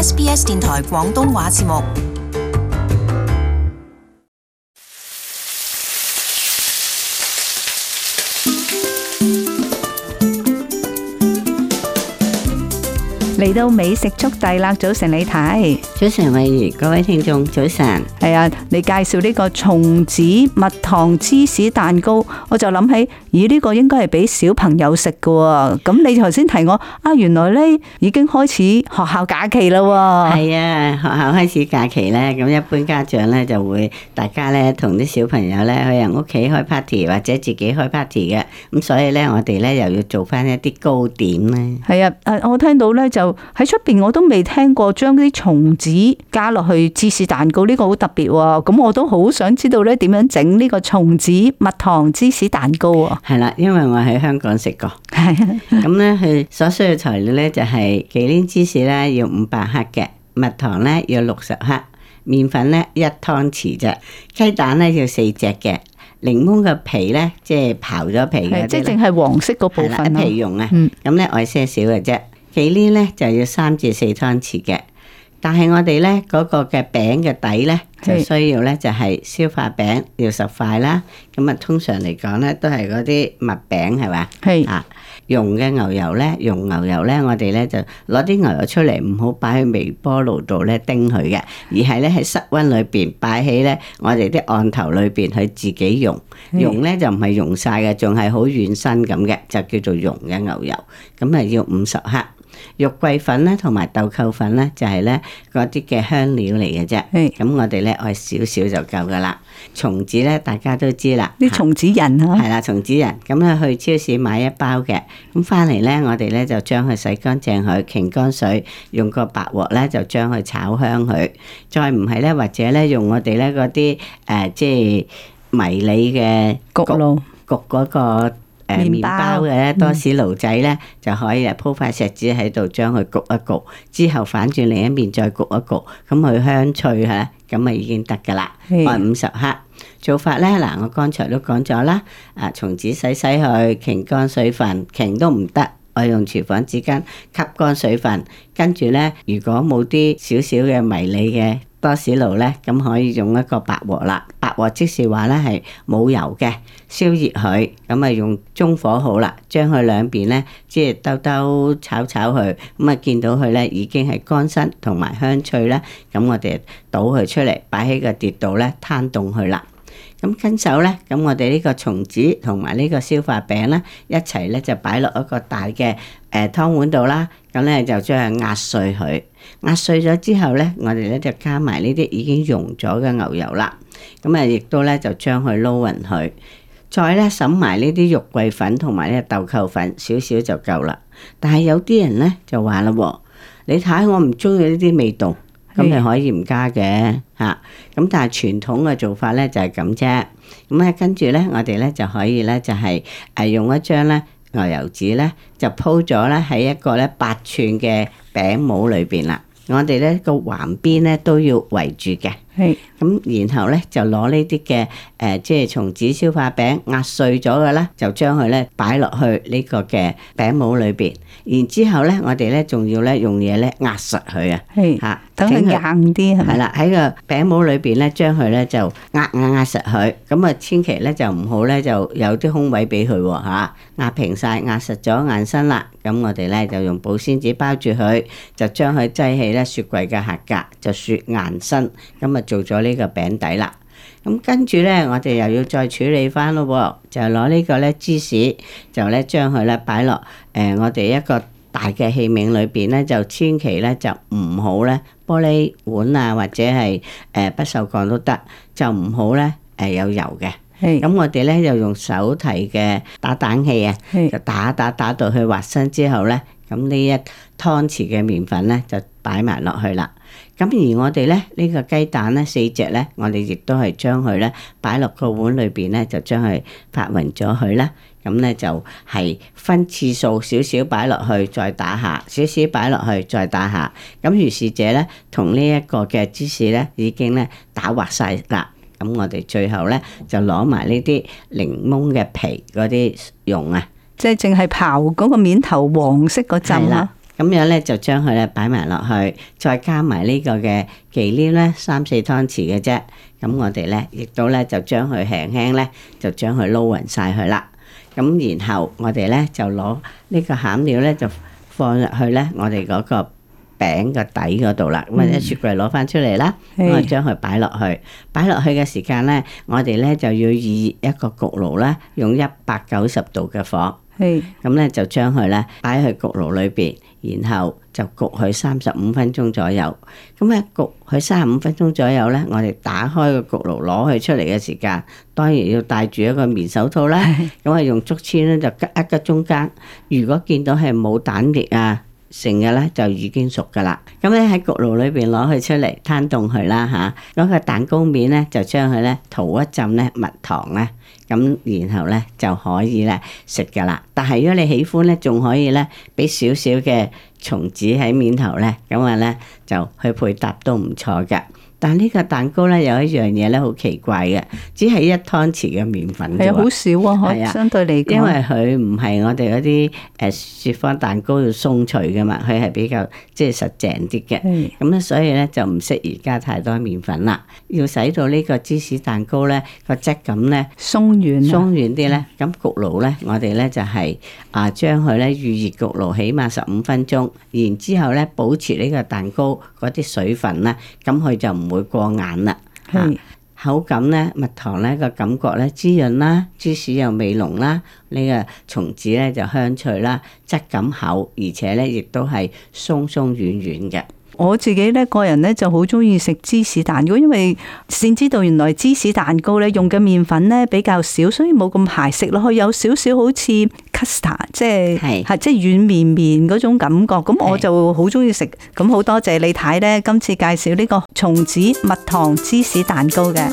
SBS 電台廣東話節目。嚟到美食速遞啦！早晨你睇，早晨慧如，各位聽眾早晨。係啊，你介紹呢個松子蜜糖芝士蛋糕，我就諗起，咦，呢個應該係俾小朋友食噶喎。咁你頭先提我，啊，原來呢已經開始學校假期啦。係啊，學校開始假期呢，咁一般家長呢就會大家呢同啲小朋友呢去人屋企開 party 或者自己開 party 嘅。咁所以呢，我哋呢又要做翻一啲糕點呢。係啊，我聽到呢。就喺出邊，我都未聽過將啲松子加落去芝士蛋糕，呢個好特別喎、哦，咁我都好想知道咧點樣整呢個松子蜜糖芝士蛋糕啊、哦？係啦，因為我喺香港食過。係咁咧，佢所需嘅材料咧就係忌廉芝士咧，要五百克嘅蜜糖咧要六十克，麵粉咧一湯匙啫，雞蛋咧要四隻嘅，檸檬嘅皮咧即係刨咗皮嘅，即係淨係黃色嗰部分嘅皮用啊，咁咧愛些少嘅啫。幾呢？咧就要三至四湯匙嘅。但係我哋咧嗰個嘅餅嘅底咧，就需要咧就係消化餅要十塊啦。咁是啊，通常嚟講咧都係嗰啲麥餅係咪？係啊，溶嘅牛油咧，溶牛油咧，我哋咧就攞啲牛油出嚟，唔好擺喺微波爐度咧叮佢嘅，而係咧喺室溫裏邊擺起咧，我哋啲案頭裏邊去自己溶。是溶咧就唔係溶晒嘅，仲係好軟身咁嘅，就叫做溶嘅牛油。咁啊要五十克。肉桂粉咧，同埋豆蔻粉咧，就係咧嗰啲嘅香料嚟嘅啫。咁、嗯、我哋咧愛少少就夠噶啦。松子咧，大家都知啦。啲松子仁啊，係啦，松子仁。咁咧去超市買一包嘅，咁翻嚟咧，我哋咧就將佢洗乾淨佢，擎乾水，用個白鑊咧就將佢炒香佢。再唔係咧，或者咧用我哋咧嗰啲誒，即係迷你嘅焗爐焗嗰露、個。麵包嘅咧，多士爐仔咧就可以啊，鋪塊錫紙喺度，將佢焗一焗，之後反轉另一面再焗一焗，咁佢香脆吓，咁啊已經得噶啦。百五十克做法咧，嗱，我剛才都講咗啦，啊，松子洗洗去，擰乾水分，擰都唔得，我用廚房紙巾吸乾水分，跟住咧，如果冇啲少少嘅迷你嘅。多士爐咧，咁可以用一個白鑊啦。白鑊即是話咧係冇油嘅，燒熱佢，咁啊用中火好啦，將佢兩邊咧即係兜兜炒炒佢，咁啊見到佢咧已經係乾身同埋香脆啦，咁我哋倒佢出嚟，擺喺個碟度咧攤凍佢啦。咁跟手咧，咁我哋呢個松子同埋呢個消化餅咧，一齊咧就擺落一個大嘅誒、呃、湯碗度啦。咁咧就將佢壓碎佢，壓碎咗之後咧，我哋咧就加埋呢啲已經溶咗嘅牛油啦。咁啊，亦都咧就將佢撈匀佢，再咧滲埋呢啲肉桂粉同埋呢個豆蔻粉，少少就夠啦。但係有啲人咧就話啦，你睇我唔中意呢啲味道。咁你、嗯嗯、可，可以唔加嘅嚇，咁、啊、但係傳統嘅做法咧就係咁啫。咁、嗯、咧跟住咧，我哋咧就可以咧就係、是、誒用一張咧牛油紙咧就鋪咗咧喺一個咧八吋嘅餅模裏邊啦。我哋咧個橫邊咧都要圍住嘅。咁然後咧就攞呢啲嘅誒，即係松子消化餅壓碎咗嘅咧，就將佢咧擺落去呢個嘅餅模裏邊。然之後咧，我哋咧仲要咧用嘢咧壓實佢啊！係嚇，等佢硬啲係咪？係啦，喺個餅模裏邊咧，將佢咧就壓壓壓實佢。咁啊，千祈咧就唔好咧就有啲空位俾佢喎嚇，壓平曬、壓實咗、硬身啦。咁我哋咧就用保鮮紙包住佢，就將佢擠喺咧雪櫃嘅下格就雪硬身。咁啊～做咗呢個餅底啦，咁跟住咧，我哋又要再處理翻咯喎，就攞呢個咧芝士，就咧將佢咧擺落誒，我哋一個大嘅器皿裏邊咧，就千祈咧就唔好咧玻璃碗啊，或者係誒、呃、不銹鋼都得，就唔好咧誒有油嘅。係是，咁我哋咧又用手提嘅打蛋器啊，是就打打打到佢滑身之後咧，咁呢一湯匙嘅麵粉咧就擺埋落去啦。咁而我哋咧呢個雞蛋咧四隻咧，我哋亦都係將佢咧擺落個碗裏邊咧，就將佢拍匀咗佢啦。咁咧就係分次數少少擺落去，再打下少少擺落去，再打下。咁如是者咧，同呢一個嘅芝士咧，已經咧打滑晒啦。咁我哋最後咧就攞埋呢啲檸檬嘅皮嗰啲用啊，即係淨係刨嗰個面頭黃色嗰浸。咁樣咧就將佢咧擺埋落去，再加埋呢個嘅忌廉咧三四湯匙嘅啫。咁我哋咧亦都咧就將佢輕輕咧就將佢撈勻曬佢啦。咁然後我哋咧就攞呢個餡料咧就放入去咧，我哋嗰個餅個底嗰度啦。咁啊，啲雪櫃攞翻出嚟啦，咁啊將佢擺落去。擺落去嘅時間咧，我哋咧就要以一個焗爐咧，用一百九十度嘅火。係。咁咧就將佢咧擺去焗爐裏邊。然後就焗佢三十五分鐘左右，咁啊焗佢三十五分鐘左右咧，我哋打開個焗爐攞佢出嚟嘅時間，當然要戴住一個棉手套啦。咁啊用竹籤咧就吉一吉中間，如果見到係冇蛋液啊。成日咧就已經熟噶啦，咁咧喺焗爐裏邊攞佢出嚟攤凍佢啦吓，攞、啊、個蛋糕面咧就將佢咧塗一浸咧蜜糖咧，咁然後咧就可以咧食噶啦。但係如果你喜歡咧，仲可以咧俾少少嘅松子喺面頭咧，咁啊咧就去配搭都唔錯嘅。但呢個蛋糕咧有一樣嘢咧好奇怪嘅，只係一湯匙嘅麵粉。係好少啊，係啊，啊相對嚟講。因為佢唔係我哋嗰啲誒雪芳蛋糕要鬆脆噶嘛，佢係比較即係實淨啲嘅。咁咧是，所以咧就唔適宜加太多麵粉啦。要使到呢個芝士蛋糕咧個質感咧鬆軟、啊，鬆軟啲咧。咁焗爐咧，我哋咧就係、是、啊將佢咧預熱焗爐，起碼十五分鐘。然之後咧保持呢個蛋糕嗰啲水分啦，咁佢就唔唔會過眼啦，口感呢，蜜糖呢個感覺呢，滋潤啦，芝士又味濃啦，呢個松子呢就香脆啦，質感厚，而且呢亦都係鬆鬆軟軟嘅。 我自己呢個人呢就好中意食芝士蛋糕，因為先知道原來芝士蛋糕呢用嘅麵粉呢比較少，所以冇咁柴，食落去，有少少好似。custard 即係係即係軟綿綿嗰種感覺，咁我就好中意食。咁好多謝李太呢，今次介紹呢個松子蜜糖芝士蛋糕嘅。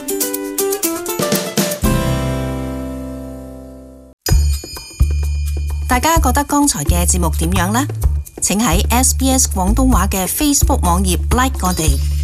大家覺得剛才嘅節目點樣呢？請喺 SBS 廣東話嘅 Facebook 網頁 like 我哋。